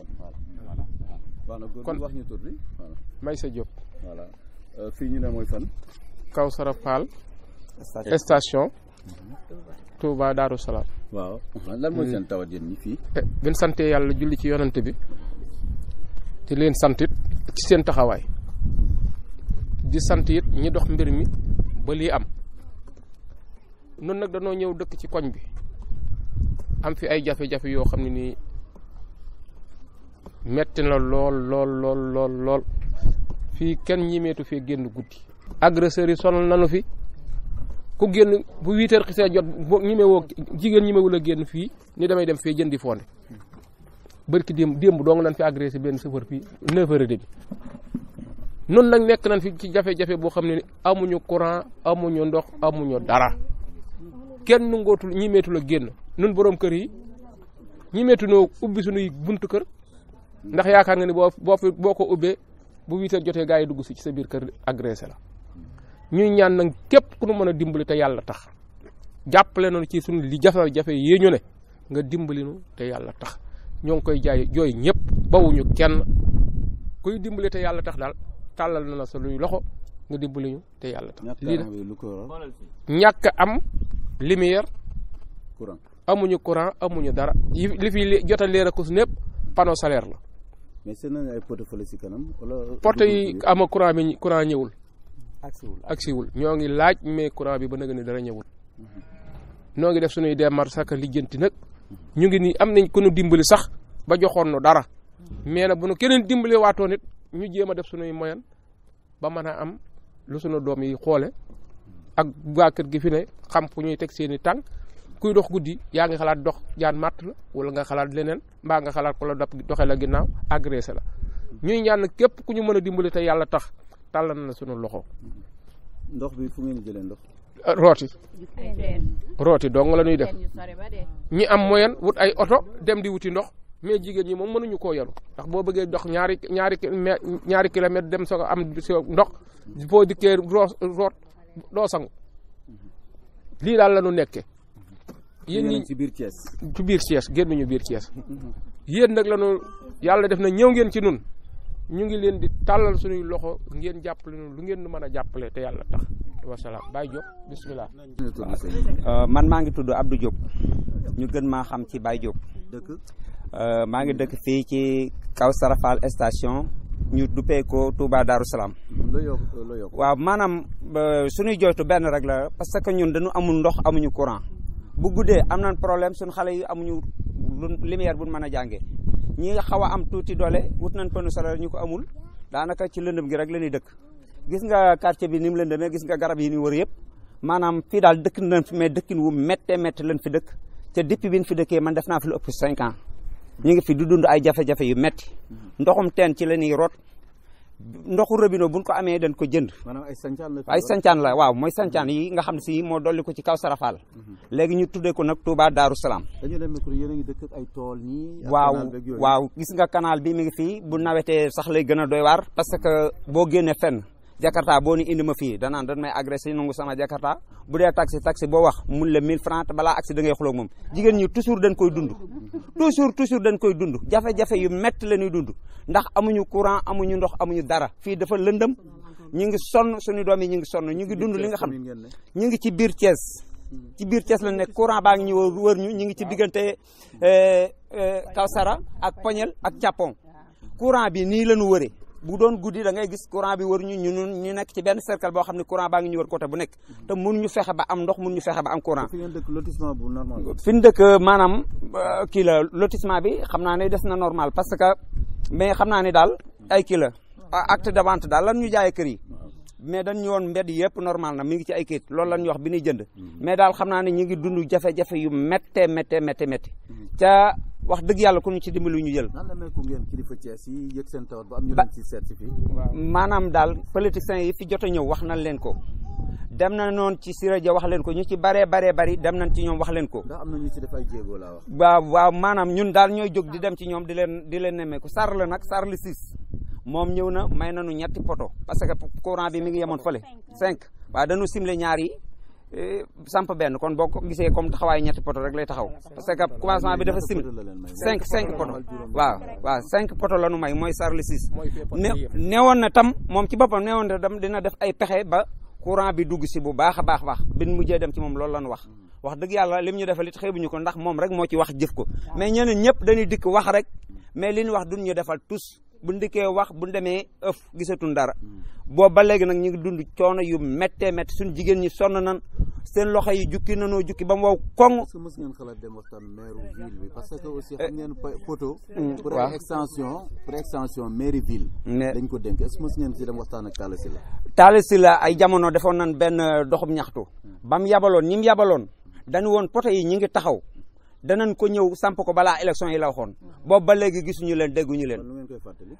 kon voilà. waaw kon wax ñu tur bi voilà. Maysa Diop. voilà euh, fii ñu ne mooy fan. Kawsara Fall. station mm-hmm. Touba Darou Salaam. waaw lan mooy mm. seen tawat yéen ñi eh, sante yàlla julli ci yonent bi di leen sant ci seen taxawaay di sant ñi dox mbir mi ba am noonu nag danoo ñëw dëkk ci koñ bi am fi ay jafe-jafe yoo xam ne nii. metti na lool lool lool lool lool fii kenn ñimeetu fee génn guddi agresseurs yi sonal nanu fi ku génn bu huit heures jot boo jigéen ñimewul a génn fii ni damay dem fee jëndi fonde bërki démb démb doo nga lan fi agressé benn chauffeur fii neuf heures et demi nun nag nekk nañ fi ci jafe-jafe boo xam ne amuñu courant amuñu ndox amuñu dara kenn nu ngootul ñimeetul a génn nun borom kër yi ñimeetu noo ubbi suñuy buntu kër ndax yaakaar nga ni boo boo fi boo ko ubbee bu huit heures jotee gaa yi dugg si ci sa biir kër agressé la ñuy ñaan nag képp ku nu mën a dimbali te yàlla tax jàppale noonu ci suñu li jafe-jafe ñu ne nga dimbali nu te yàlla tax ñoo ngi koy jaay jooy ñëpp bawuñu kenn kuy dimbali te yàlla tax daal tàllal na la sa luy loxo nga dimbali ñu te yàlla tax. lii ñàkk am lumière. courant amuñu courant amuñu dara li fi jot a leer a kus népp panneau solaire la. mais seen nañu ay porte fële si kanam porte yi ama courant bi courant ñëwul. agsiwul agsiwul ñoo ngi laaj mais courant bi ba nag ne dara ñëwul. noo ngi def suñuy démarche saka lijjanti nag ñu ngi nii am nañ ku nu dimbali sax ba joxoon nu dara mais nag bu nu keneen dimbali waatoo ñu jéem a def suñuy moyen ba mën a am lu sunu doom yi xoole ak waa kër gi fi ne xam fu ñuy teg seeni i tànk kuy dox guddi yaa ngi xalaat dox jaan màtt la wala nga xalaat leneen mbaa nga xalaat ko la dab doxee la ginnaaw agressé la ñuy ñaan képp ku ñu mën a dimbali te yàlla tax tàllal na suñu loxo. ndox bi fu ngeen jëlee ndox. Ah, rooti rooti dong la ñuy am moyen ay oto dem di wuti ndox mais jigéen ñi moom mënuñu koo yaru ndax boo bëggee dox ñaari ñaari ñaari dem soo am so ndox boo dikkee root doo sangu lii daal la ñu nekkee yéen ñi ci biir Thiès ci biir Thiès génnuñu biir Thiès yéen nag lañu yàlla def na ñëw ngeen ci nun ñu ngi leen di tàllal suñuy loxo ngeen jàppale ñu lu ngeen lu mën a jàppale te yàlla tax wasalaam Baye Diop bisimilah. Euh, man maa ngi tudd ab du Diop ñu gën maa xam ci Baye Diop. dëkk euh, maa ngi dëkk fii ci kaw Fall station ñu duppee ko Touba Darou Salaam. waaw maanaam euh, suñuy jooytu benn rek la parce que ñun dañu amul ndox amuñu courant. bu guddee am nañ problème suñ xale yi amuñu lumière buñ mën a jàngee ñi nga xaw a am tuuti doole wut nañ panneau solaire ñu ko amul daanaka ci lëndëm gi rek la ñuy dëkk gis nga quartier bi ni mu lëndëmee gis nga garab yi ni wër yëpp maanaam fii daal dëkk nañ fi mais dëkkin wu méttee méttee lañ fi dëkk te depuis bi fi dëkkee man def naa fi lu ëpp 5 ans ñu ngi fi du dund ay jafe-jafe yu métti mm-hmm. ndoxum teen ci la ñuy ndoxu bu buñ ko amee dañ ko jënd ay sancaan la waaw mooy sancaan yi nga xam ne si moo dolli ko ci kaw Sarafaal mhm. léegi ñu tuddee ko nag Touba Daaru Salaam waaw waaw gis nga kanaal bi mi ngi fii bu nawetee sax lay gën a doy waar parce que boo génnee fenn jakarta boo ni indi ma fii danaan dan may agressé nangu sama jakarta bu dee taxi taxi boo wax mun la 1000 francs te balaa agsi da ngay xuloog moom jigéen ñi toujours dañ koy dund toujours toujours dañ koy dund jafe-jafe yu métti la ñuy dund ndax amuñu courant amuñu ndox amuñu dara fii dafa lëndëm ñu ngi sonn suñu doom yi ñu ngi sonn ñu ngi dund li nga xam ñu ngi ci biir Thiès ci biir Thiès la nekk courant baa ngi ñu wër ñu ñu ngi ci diggante euh, euh, Kawsara ak Poñel ak Thiapon courant bi nii la ñu wëree bu doon guddi da ngay gis courant bi war ñu ñu ñu nekk ci benn cercle boo xam ne courant baa ngi ñu wër côté bu nekk mm-hmm. te mënuñu fexe ba am ndox mënuñu fexe ba am courant fi ngeen dëkk lotissement maanaam euh, kii la lotissement bi xam naa ne des na normal parce que mais xam naa ne daal ay kii la acte de vente daal lan ñu jaay kër yi mm-hmm. mais dañ ñu woon mbedd yëpp normal na mi ngi ci ay kayit loolu ñu wax bi ñuy jënd mm-hmm. mais daal xam naa ne ñu ngi dund jafe-jafe yu métte métte métte ca wax dëgg yàlla ku ñu ci dimbali ñu jël. maanaam daal politiciens yi fi jot a ñëw wax nañ leen ko. dem na noon ci si rajo wax leen ko ñu ci baree baree bari dem nañ ci ñoom wax leen ko. ndax am ñu ci def ay jéego laa wax. waaw waaw maanaam ñun daal ñooy jóg di dem ci ñoom di leen di leen nemmeeku Sarr la nag Sarr la moom ñëw na may na nu ñetti poto parce que courant bi mi ngi yemoon fële. cinq waaw dañu simle ñaar yi. Eh, samp benn kon boo ko gisee comme taxawaayu ñetti poto rek lay taxaw parce que commencement bi dafa simil cinq cinq poto waaw waaw cinq poto la may mooy Charles six ne newoon na tam moom ci boppam newoon na tam dina def ay pexe ba courant bi dugg si bu baax a baax baax bin mujjee dem ci moom loolu la nu wax wax dëgg yàlla lim ñu defal it xeebuñu ko ndax moom rek moo ci wax jëf ko mais ñeneen ñëpp dañuy dikk wax rek mais li ñu wax duñ ñu defal tous bu ndikkee wax bu demee ëf gisatun dara hmm. boobu ba léegi nag ñu ngi dund coono yu méttee métti suñ jigéen ñi sonn nan seen loxo yi jukki nanoo jukki ba mu wow koŋ. su mës ngeen xalaat dem waxtaan maire ville bi parce que aussi xam ngeen poto. Hmm. pour extension pour extension mairie ville. dañ ko dénk est ce que mës ngeen si dem waxtaan ak Talla Sylla. Talla Sylla ay jamono defoon nan benn doxum ñaxtu. Hmm. bam yabaloon ñi mu yabaloon dañu woon poto yi ñi ngi taxaw. danañ ko ñëw samp ko bala élection yi la waxoon boobu ba léegi gisuñu leen dégguñu leen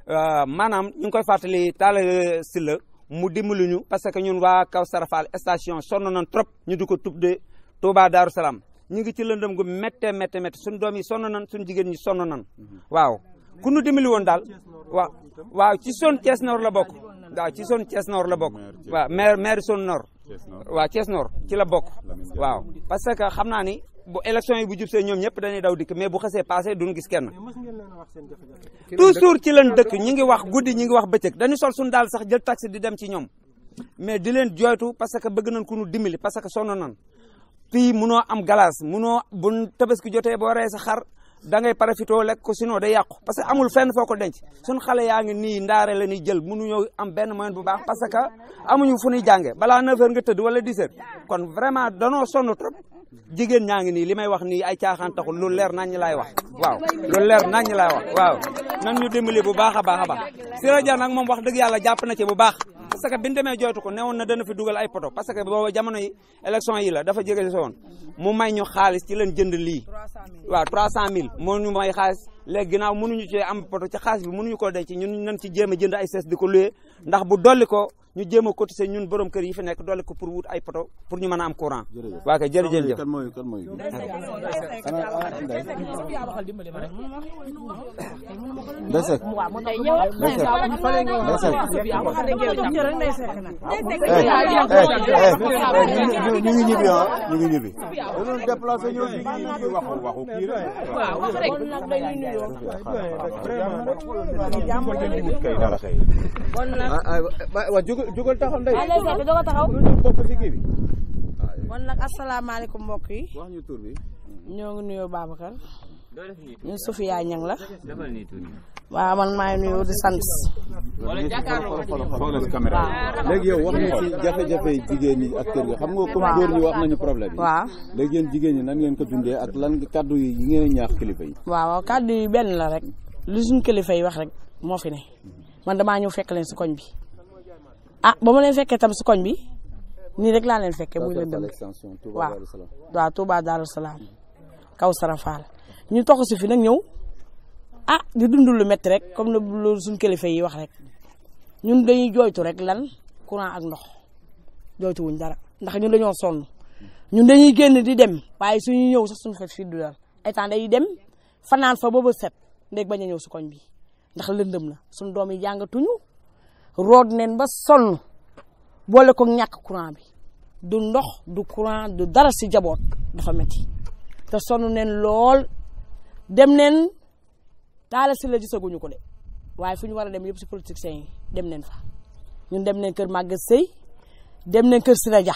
euh, maanaam ñu ngi koy fàttali Talla Sylla mu dimbali ñu parce que ñun waa Kawsara Fall station sonn nañ trop ñu di ko tudde Touba Darou Salaam ñu ngi ci lëndëm gu méttee méttee méttee suñu doom yi sonn nañ suñu jigéen ñi sonn nañ mhm. waaw ku nu dimbali woon daal waaw waaw ci zone Thiès Nord la bokk waaw ci zone Thiès Nord la bokk waaw maire maire zone Nord waaw Thiès Nord ci la bokk waaw bu élection yi bu jub see ñoom ñëpp dañuy daw dikk mais bu xasee passé duñ gis kenn. toujours ci leen dëkk ñi ngi wax guddi ñi ngi wax bëccëg dañu sol suñu daal sax jël taxi di dem ci ñoom mais di leen jooytu parce que bëgg nañ ku ñu dimbali parce que sonn nañ fii munoo am galaas munoo bu tabaski jotee boo rey sa xar da ngay profitoo lekk ko sinon day yàqu parce que amul fenn foo ko denc suñ xale yaa ngi nii ndaare la ñuy jël mënuñoo am benn moyen bu baax parce que amuñu fu ñuy jàngee balaa 9 nga tëdd wala 10h kon vraiment danoo sonn trop jigéen ñaa ngi nii li may wax nii ay caaxaan taxul lu leer nañ laay wax waaw lu leer ñi laay wax waaw nan ñu dimbali bu baax a baax a baax Siré Dia nag moom wax dëgg yàlla jàpp na ci bu baax. parce que bi ñu demee ko newoon na dana fi dugal ay poto parce que booba jamono yi élection yi la dafa jege si woon mu may ñu xaalis ci leen jënd lii waaw 300000 moo ñu may xaalis léegi ginaaw mënuñu cee am poto ci xaalis bi mënuñu koo denc ñun nañ ci jéem a jënd ay sees di ko luye ndax bu dolli ko ñu jéem a se ñun borom kër ñu fi nekk dolli ko pour wut ay poto pour ñu mën a am courant. jërëjëf waa kay jërëjëf kan waaw taxaw ndey. kon nag asalaamaaleykum mbokk yi. ñoo ngi nuyoo Babacar. ñu Sofia Ñang la waaw man maay nuyu di sant. léegi yow wax nga ci jafe-jafe jigéen ñi ak kër ga xam nga comme góor ñi wax nañu problème yi. waaw léegi yéen jigéen ñi nan ngeen ko dundee ak lan kàddu yi ngeen ñaax kilifa yi. waaw kàddu yi benn la rek lu suñ kilifa yi wax rek moo fi ne man damaa ñëw fekk leen si koñ bi ah ba ma leen fekkee tam si koñ bi nii rek laa leen fekkee muy la dëgg waaw waaw Touba Salaam Kaw Sara Fall ñu tox si fi nag ñëw ah di dundul lu métti rek comme loolu suñ kilifa yi wax rek ñun dañuy jooytu rek lan courant ak ndox jooytu wuñ dara ndax ñun dañoo sonn ñun dañuy génn di dem waaye suñuy ñëw sa suñu xet fii du dal état day dem fanaan fa boobu set ndeg bañ a ñëw si koñ bi ndax lëndëm na suñu doom yi jàngatuñu rood neen ba sonn boole ko ñàkk courant bi du ndox du courant du dara si jaboot dafa métti te sonn neen lool. dem neen Talla Sylla gisaguñu ko de waaye fu ñu war a dem yëpp si politiciens yi dem neen fa ñun dem neen kër Maguette sey dem neen kër Sira Dia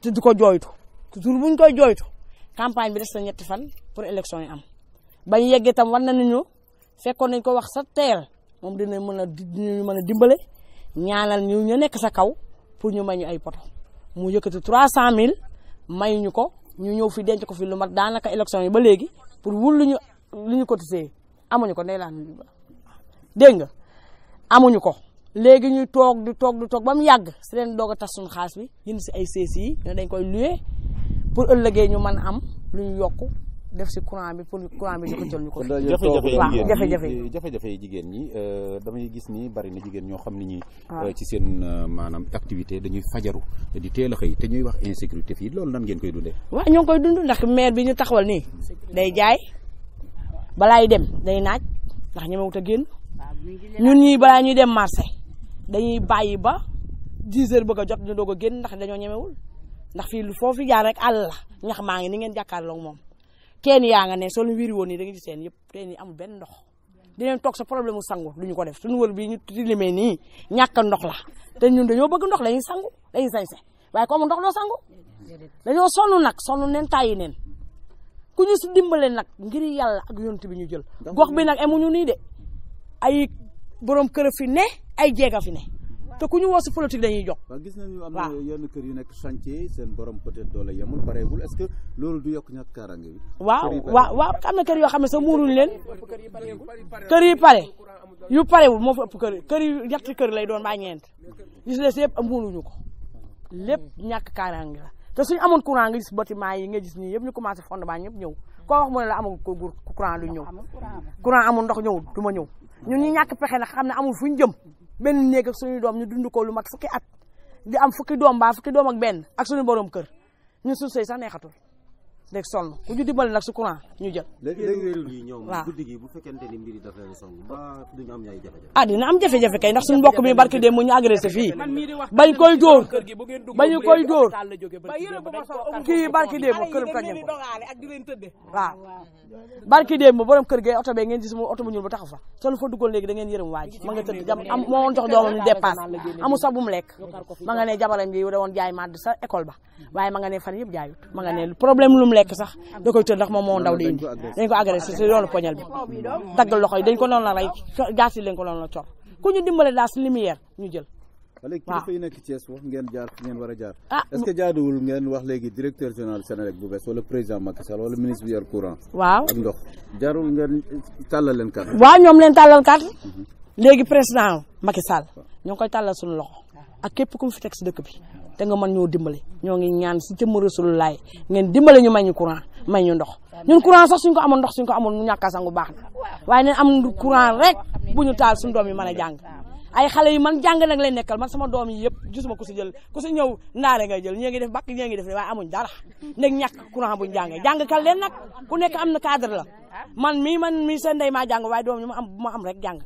te du ko jooytu toujours buñ koy jooytu campagne bi des na ñetti fan pour élection yi am bañ yeggee tam war nañu fekkoon nañ ko wax sa teel moom dinañ mën a dinañ mën a dimbale ñaanal ñu ñu nekk sa kaw pour ñu may ñu ay poto mu trois yëkkati 300000 mayuñu ko ñu ñëw fi denc ko fi lu mat daanaka élection yi ba léegi. pour wul lu ñu lu ñu cotisé amuñu ko ndey laan li ba dégg nga amuñu ko léegi ñuy toog di toog di toog ba mu yàgg si leen doog a tas suñu xaalis bi jënd si ay sees yi ne dañ koy luye pour ëllëgee ñu mën am lu ñu yokk def si courant bi pour courant bi jafe-jafe yi jafe-jafe jigéen ñi euh, damay gis ni bari na jigéen ñoo xam ni ñi euh, ci seen euh, maanaam activité dañuy fajaru di teel a xëy te ñuy wax insécurité fii loolu nan ngeen koy dundee. waaw ñoo ngi koy dund ndax maire bi ñu taxawal nii day jaay balaay dem day naaj ndax ñemewut a génn ñun ñi balaa ñuy dem marché dañuy bàyyi ba 10 heures bëgg a jot ñu doog a génn ndax dañoo ñemewul ndax fii lu foofu jaar rek àll ñax maa ngi ni ngeen jàkkaarloog moom kenn yaa nga ne soo leen wiri woon nii da nga gis seen yëpp teen yi amul benn ndox dinañ toog sa problème mu sangu du ñu ko def suñu wër bii ñu tilimee nii ñàkk ndox la te ñun dañoo bëgg ndox dañuy sangu dañuy sañse waaye comme ndox doo sangu dañoo sonn nag sonn neen tàyyi neen ku ñu si dimbale nag ngir yàlla ak yonent bi ñu jël gox bi nag amuñu nii de ay borom kër fi ne ay jeega fi ne te ku ñu woo si dañuy jox. waaw gis nañu am na yenn kër yu nekk chantier seen borom peut-être doole yemul pareegul est yokk ñàkk kaaraange bi. waaw waaw na kër yoo xam ne sax muuruñ leen kër yi pare yu parewul moo fa ëpp kër kër yu ñetti kër lay doon baa ñeent gis les yëpp muuruñu ko lépp ñàkk kaaraange la te suñu amoon courant nga gis bâtiment yi nga gis nii yëpp ñu commencé fondement ñëpp ñëw koo wax mu ne la amul ko courant du ñëw amul ndox ñëwul du ma ñëw ñun ñi ñàkk pexe nag xam ne amul fu ñu benn néeg ak suñu doom ñu dund ko lu mat fukki at di am fukki doom baa fukki doom ak benn ak suñu borom kër ñun suñu sëy sax neexatul léegi sonn ku ñu dimbali nag si courant ñu jël. léegi ñoom guddi gi bu fekkente ni mbir yi daf leen sonn ba duñu am ay jafe-jafe. ah dina am jafe-jafe kay ndax suñu mbokk mi barki dem mu ñu agressé fii bañ koy dóor bañu koy dóor kii barki dem këram toj nañ ko waaw barki dem borom kër gee oto bee ngeen gis mu oto bu ñuul bu taxaw fa solo fa duggoon léegi da ngeen yërëm waaj ma nga tëdd jam am moo woon jox doomam ñu dépasse amu sax bu mu lekk ma nga ne jabaram bi da woon jaay màdd sa école ba mm. waaye ma nga ne fan yëpp jaayut ma nga ne problème lu lekk sax da koy ndax moom moo ndaw dañ ko agressé si yoonu poñal bi daggal loxo yi dañ ko noonu la rey jaas yi lañ ko noonu la waaw a jaar. ah est wax léegi directeur général Senelec bu bees wala président Macky Sall wala ministre bi yor courant. waaw ak ndox jaarul ngeen tàllal leen carte. waaw ñoom leen tàllal carte. Mhm. léegi président Macky Sall ñoo koy tàllal suñu loxo ak képp ku fi teg dëkk bi. te nga mën ñoo dimbale ñoo ngi ñaan si jëmm Rasulullaay ngeen dimbale ñu may ñu courant may ñu ndox ñun courant sax suñ ko amoon ndox suñ ko amoon ñàkk a sangu baax na waaye neen am courant rek bu ñu taal suñu doom yi mën a jàng ay xale yi man jàng nag lay nekkal man sama doom yi yëpp gisuma ku si jël ku si ñëw ndaare ngay jël ñee ngi def bakk ñee ngi def waaye amuñ dara nag ñàkk courant buñ jàngee jàng kal leen nag ku nekk am na cadre la man mii man mii seen ndey maa jàng waaye doom ñu ma am bu ma am rek jàng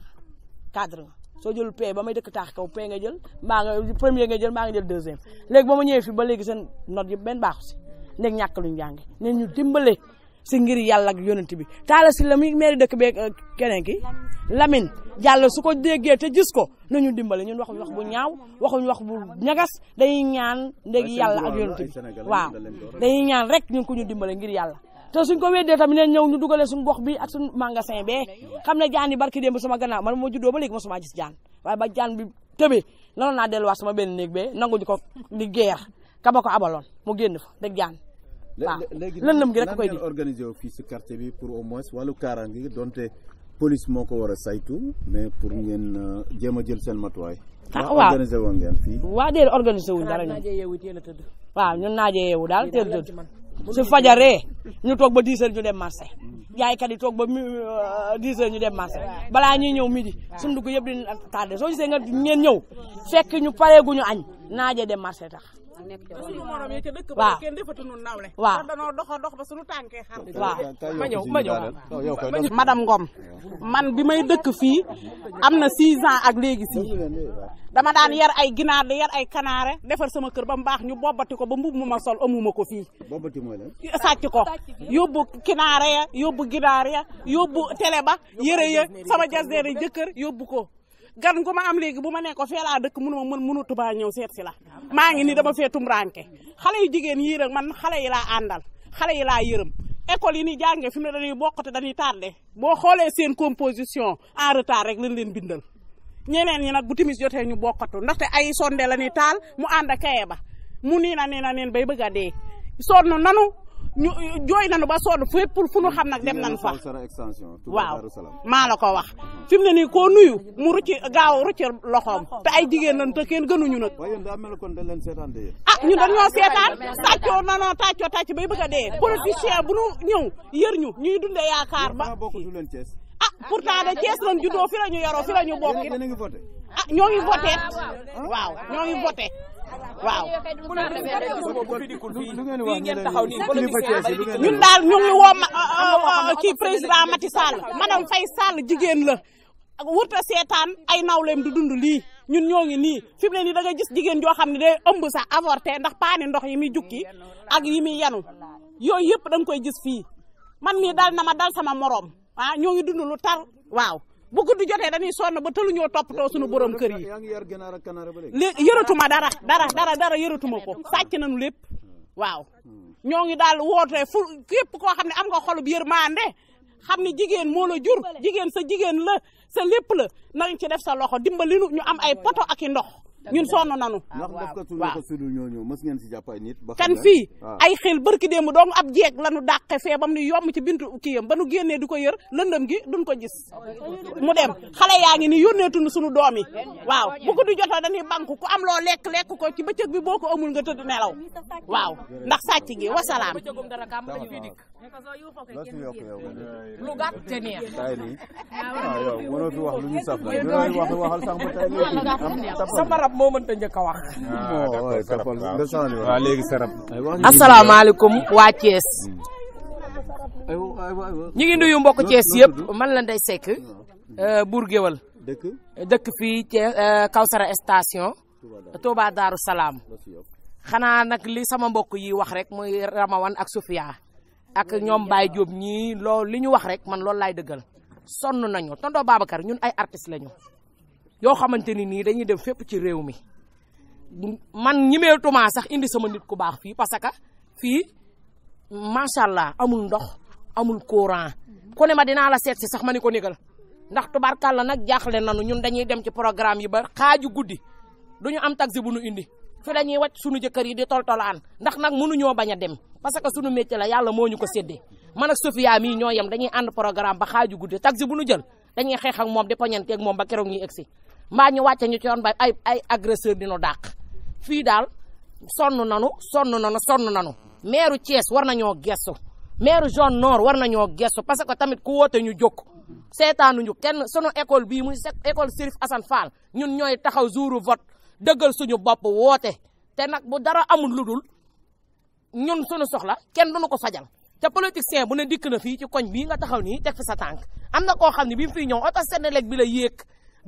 cadre la soo jël paie ba ma dëkk taax kaw paie nga jël mbaa nga premier nga jël mbaa nga jël deuxième léegi ba ma ñëwee fii ba léegi seen note yëpp benn baaxu si léegi ñàkk luñ jànge ne ñu dimbale si ngir yàlla ak yonent bi taala si la muy maire dëkk beeg euh, keneen ki Lamine Diallo su ko déggee te gis ko nañu dimbale ñun waxuñ wax bu ñaaw waxuñ wax bu ñagas dañuy ñaan ndeg yàlla ak yonent bi waaw dañuy ñaan rek ñun ko ñu dimbale ngir yàlla te suñ ko weddee tamit neen ñëw ñu dugale suñ gox bi ak suñ magasin bee xam ne jaan yi barki démb sama gannaaw man moo juddoo ba léegi mosuma gis jaan waaye ba jaan bi tëbee nanoon naa delluwaat sama benn néeg bee nanguñu ko di geer kaba ko abaloon mu génn fa dëgg jaan waaw lëndëm gi rek koy di organisé fii si quartier bi pour au moins wàllu kaaraange gi donte police moo ko war a saytu mais pour ngeen euh, jéem a jël seen matuwaay ah waaw organisé woon ngeen fii waaw déedéet organisé wuñ dara ñun waaw ñun naajee yeewu daal teel tëdd su fajaree ñu toog ba 10 heures ñu dem marché jaaykat yi toog ba 10 euh, heures ñu dem marché balaa ñuy ñëw midi suñu dugg yëpp di tardé soo see nga ngeen ñëw fekk ñu pareeguñu añ naaje de marché tax nag nekk ca loolu morom dëkk ba kenn defatu nu nawle waaw danoo dox a dox ba suñu tànkee xam waaw ma ñëw ma oh, ñëw madame Ngom man bi may dëkk fii am na six ans ak léegi si dama daan yar ay ginaar di yar ay kanaare defar sama kër ba mu baax ñu bobbati ko ba mbub mu ma sol amuma ko fii bobbati mooy lan sàcc ko yóbbu kinaare ya yóbbu ginaar ya yóbbu télé ba yëre ya sama jasdeere jëkkër yóbbu ko gan gu ma am léegi bu ma ne ko dëkk mënu ma mën mënatu maa ñëw seet si la maa ngi ni dama fee tumuraanke xale yu jigéen yii rek man xale yi laa àndal xale yi laa yërëm école yi ni jàngee fi mu ne dañuy bokkate dañuy tardé boo xoolee seen composition en retard rek lañ leen bindal ñeneen ñi nag bu timis jotee ñu bokkatu ndaxte ay sonde la ñuy taal mu ànd ak kaye ba mu nii na nee na neen bay bëgg a dee sonn nanu ñu jooy nañu ba sonn fépp fu nu xam nag dem nañu fa waaw maa la ko wax fi mu ne nuyu mu rucci gaaw rucci loxoom te ay jigéen lañ te kenn gënuñu nag ah ñun dañoo seetaan tàccoo nanoo tàccoo tàcc bay bëgg a dee politicien bu nu ñëw yër ñu ñuy dundee yaakaar ba a ah, pourtant de Thiès lañ juddoo fi la ñu yaroo fi la ñu bokk a ah, ñoo ngi voté ah, waaw ñoo ngi voté waaw ñun daal ñu ngi a ma ah, ah, kii président Macky Sall madame Faye Sall jigéen la wut a seetaan ay nawleem du dund lii ñun ñoo ngi nii fi mu ne nii da gis jigéen joo xam ne day ëmb sax avorté ndax paani ndox yi muy jukki ak yi muy yenu yooyu yëpp da nga koy gis fii man mii dal na ma dal sama moroom ah ñoo ngi dund lu tar waaw bu di jotee dañuy sonn ba tëluñoo toppatoo suñu borom kër yi léegi yëratuma dara dara dara dara yëratuma ko sàcc nañu lépp hmm. waaw hmm. ñoo ngi daal wootee fu képp koo xam ne am nga xolub yërmande xam ne jigéen moo la jur jigéen sa jigéen la sa lépp la na ci def sa loxo dimbali nu ñu am ay poto ak ndox ñun sonn nanu ah, waaw kan fii ay xel barki démb dong ab jeeg lanu dàqe fee bam ni yomb ci bint kiyam ba nu génnee di ko yër lëndëm gi duñ ko gis mu dem xale yaa ngi ni yónneetunu suñu doom yi waaw bu ko du jotoo dañuy banku ku am loo lekk lekk ko ci bëccëg bi boo ko amul nga tëdd nelaw waaw ndax sàcc gi wasalaam lu gàtt te neex waaw ah, yow mënoo fi wax lu ñu saf la sarab moo mënta njëkk a wax. Ah, ah, waaw ah, léegi waa Thiès. ñu ngi nuyu mbokk Thiès yëpp man la day sekk euh, buur géwal dëkk dëkk fii Thiès euh, Kawsara station. Touba Daaru Salaam. xanaa nag li sama mbokk yi wax rek muy Ramawan ak Sofia ak ñoom Baye Diop ñii loolu li ñu wax rek man loolu laay dëggal sonn nañu tonton Babacar ñun ay artistes lañu. yoo xamante ni nii dañuy dem fépp ci réew mi man ñimeetumaa sax indi sama nit ku baax fii parce que fii macha allah amul ndox amul courant ku ne ma dinaa la seet si sax ma ni ko négal ndax tubarkàlla nag jaaxle nanu ñun dañuy dem ci programme yi ba xaaju guddi du ñu am taxi bu nu indi fi dañuy wàcc sunu jëkkër yi di toltolaan ndax nag mënuñoo bañ a dem parce que sunu métier la yàlla moo ñu ko séddee man ak Sofia mii ñoo yem dañuy ànd programme ba xaaju guddi taxi bu nu jël dañuy xeex ak moom di poñanteeg moom ba keroog ñuy egsi mbaa ñu wàcce ñu ci yoon ba ay ay agresseur dina dàq fii daal sonn nanu sonn nanu sonn nanu meeru Thiès war nañoo gestu meeru zone nord war nañoo gestu parce que tamit ku woote ñu jóg seetaanuñu kenn sunu école bii muy école Serif Assane Fall ñun ñooy taxaw jouru vote dëggal suñu bopp woote te nag bu dara amul lu dul ñun suñu soxla kenn duñu ko fajal te politicien bu ne dikk na fii ci koñ bii nga taxaw nii teg fi sa tànk am na koo xam ne bi mu fiy ñëw oto Senelec bi la yéeg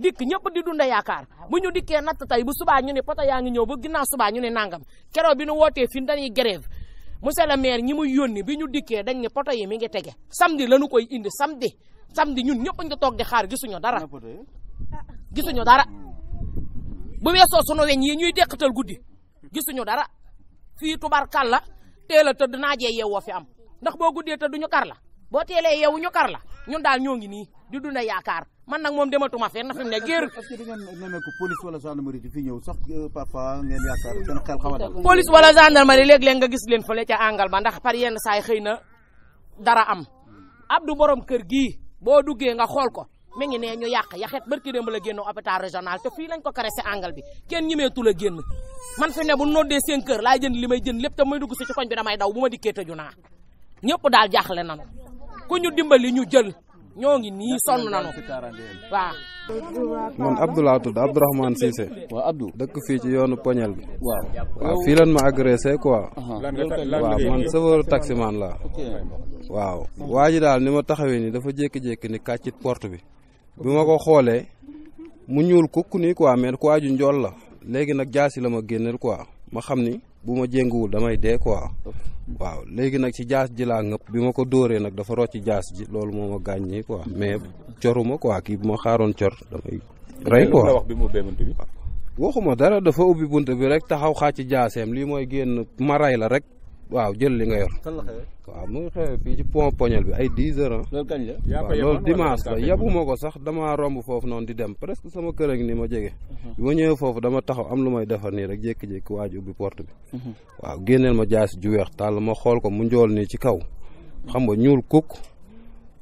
dikk ñëpp di dunda yaakaar ah, bu ñu dikkee natt tey bu suba ñu ne poto yaa ngi ñëw ba ginnaaw subaa ñu ne nangam kero bi nu wootee fi dañuy grève monsieur le maire ñi muy yónni bi ñu dikkee dañ ne poto yi mi ngi tege samedi la ñu koy indi samedi samedi ñun ñëpp nga toog di xaar gisuñu dara gisuñu dara hmm. bu weesoo sunu weñ yi ñuy deqatal guddi gisuñu dara fii tubarkàlla teel a tëdd naajee yeewoo fi am ndax boo guddee tëdd ñu kar la boo teelee yeewu ñu kar la ñun daal ñoo ngi nii di dunda yaakaar man nag moom dematuma fenn fi mu ne géer. est-ce police wala gendarmerie di fi ñëw sax euh, parfois ngeen yaakaar seen a dal. police wala nga gis leen fële ca ba ndax par yenn saay xëy na dara am Abdou borom kër gi boo duggee nga xool ko. mi ngi ne ñu yàq yaxet barki démb la génn hôpital régional te fii lañ ko caressé angle bi kenn ñimeetu la génn man fi ne bu noddee seen kër laay jënd li may jënd lépp te may dugg si ci koñ bi damay daw bu ma dikkee tëju naa ñëpp daal jaaxle nanu ku ñu dimbali ñu jël ñoo ngi nii sonn nañu waaw. man Abdou laa tudd Abdourahmane dëkk fii ci yoonu poñel bi. waaw waaw fii lan ma agressé quoi. waaw man chauffeur taximan laa. waaw waa ji daal ni ma taxawee ni dafa jékki-jékki ni kàccit port bi. bi ma ko xoolee mu ñuul kukk nii quoi mais ku waaju njool la léegi nag jaasi la ma génneel quoi ma xam ni bu ma jénguwul damay dee quoi. waaw léegi nag ci jaas ji laa ngëpp bi ma ko dóoree nag dafa rocc jaas ji loolu moo ma gàññi quoi mais coruma quoi kii bu ma xaaroon cor damay rey quoi wax bi mu béemante bi waxuma dara dafa ubbi bunt bi rek taxaw xàcc jaaseem lii mooy génn maray la rek waaw jël li nga yor. kan la waaw mu ngi xewee fii ci pont poñel bi ay dix heures ah. loolu la yaa ko loolu dimanche la yabuma ko sax dama romb foofu noonu di dem presque sama kër ak ni ma jege. Mhm. bi ma ñëwee foofu dama taxaw am lu may defar nii rek jékki-jékki waaj ubbi porte bi. Mhm. waaw génneel ma jaas ju weex tàll ma xool ko mu njool nii ci kaw. xam nga ñuul kukk.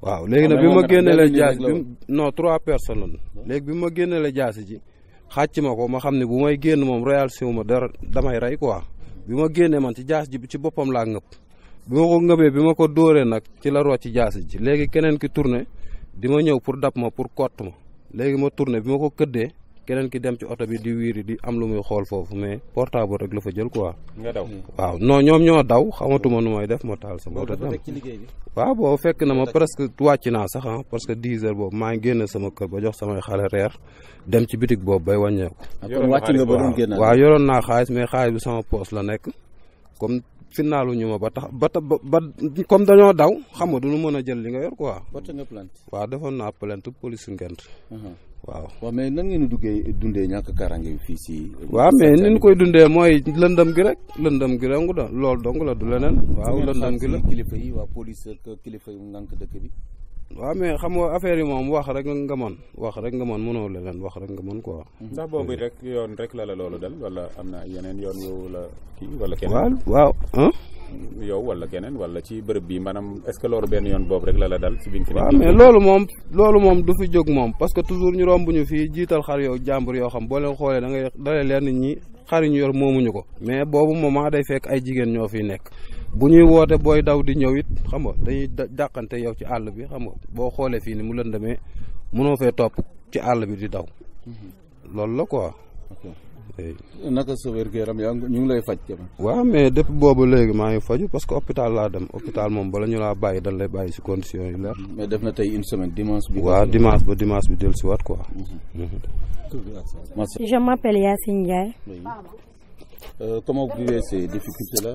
waaw léegi nag bi ma génneelee jaas bi non trois personnes la léegi bi ma génneelee jaas ji xàcc ma ko ma xam ne bu may génn moom royal siw ma dara damay rey quoi bi ma génnee man ci jaas ji ci boppam laa ngëpp bi ma ko ngëbee bi ma ko dóoree nag ci la rocc ci jaas ji léegi keneen ki tourné di ma ñëw pour dab ma pour kott ma léegi ma tourné bi ma ko këddee keneen ki dem ci oto bi di wiiri di am lu muy xool foofu mais portable rek la fa jël quoi. nga daw waaw non ñoom ñoo daw xamatuma nu may def ma taal sama oto dem. waaw boo fekk na ma presque wàcc naa sax ah parce que dix heures boobu maa ngi génn sama kër ba jox samay xale reer dem ci bitig boobu bay wàññeeku. Ah, waaw yoroon naa xaalis mais xaalis bi sama poos la nekk comme. finaalu ñu ma ba tax ba ta ba ba comme dañoo daw xam nga du ñu mën a jël li nga yor quoi. porte nga plainte. waaw defoon naa plainte police ngent uh-huh. waaw waaw mais nan ngeen di duggee dundee ñàkk kaaraange bi fii si. waaw mais nu ñu koy dundee mooy lëndëm gi rek lëndëm gi dong la loolu dong la du leneen. waaw lëndëm gi la kilifa yi waa police ak kilifa yi ngànk dëkk bi. waaw mais xam nga affaire yi moom wax rek nga mën wax rek nga mën mënoo leneen wax rek nga ko quoi. ndax mhm. boobu rek yoon rek la la loolu dal wala am na yeneen yoon yow la kii wala keneen. waaw waaw. yow wala keneen wala ci bërëb bi maanaam est benn yoon boobu rek la la dal ci biñ fi waaw mais loolu moom loolu moom du fi jóg moom parce que toujours ñu romb ñu fii jiital xar yow yoo xam boo leen xoolee da ngay dalee leer nit ñi xar yi ñu moomuñu ko mais boobu moment day fekk ay jigéen ñoo fiy nekk bu ñuy woote booy daw di ñëw it xam nga dañuy dàqante yow ci àll bi xam nga boo xoolee fii ni mu lëndamee mënoo fee topp ci àll bi di daw mhm. loolu la quoi naka sa wér ñu ngi lay faj. waaw mais depuis boobu léegi maa ngi faju parce que hôpital laa dem hôpital moom bala ñu laa bàyyi dañ lay bàyyi si condition yi leer. mais def na tey une semaine dimanche bi. waaw dimanche ba dimanche bi dellu si waat quoi. Mm-hmm. je m'appelle Yacine Ndiaye. Oui. Euh, comment vous vivez ces difficultés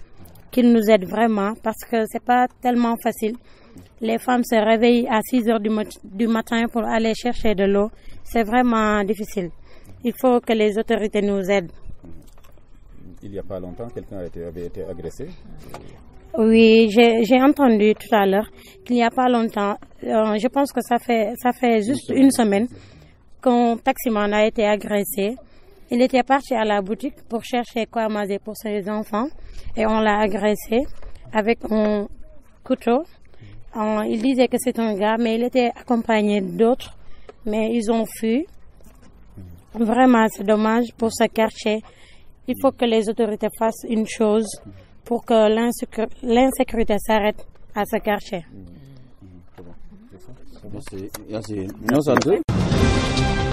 qu'il nous aide vraiment parce que c'est pas tellement facile. Les femmes se réveillent à 6 heures du, mat du matin pour aller chercher de l'eau. C'est vraiment difficile. Il faut que les autorités nous aident. Il n'y a pas longtemps, quelqu'un avait été agressé oui, j'ai entendu tout à l'heure qu'il n'y a pas longtemps, euh, je pense que ça fait, ça fait juste une semaine, qu'un taximan a été agressé. Il était parti à la boutique pour chercher quoi manger pour ses enfants et on l'a agressé avec un couteau. On, il disait que c'est un gars, mais il était accompagné d'autres, mais ils ont fui. Vraiment, c'est dommage pour ce quartier. Il faut que les autorités fassent une chose pour que l'insécurité s'arrête à ce quartier. Merci. Merci. Merci.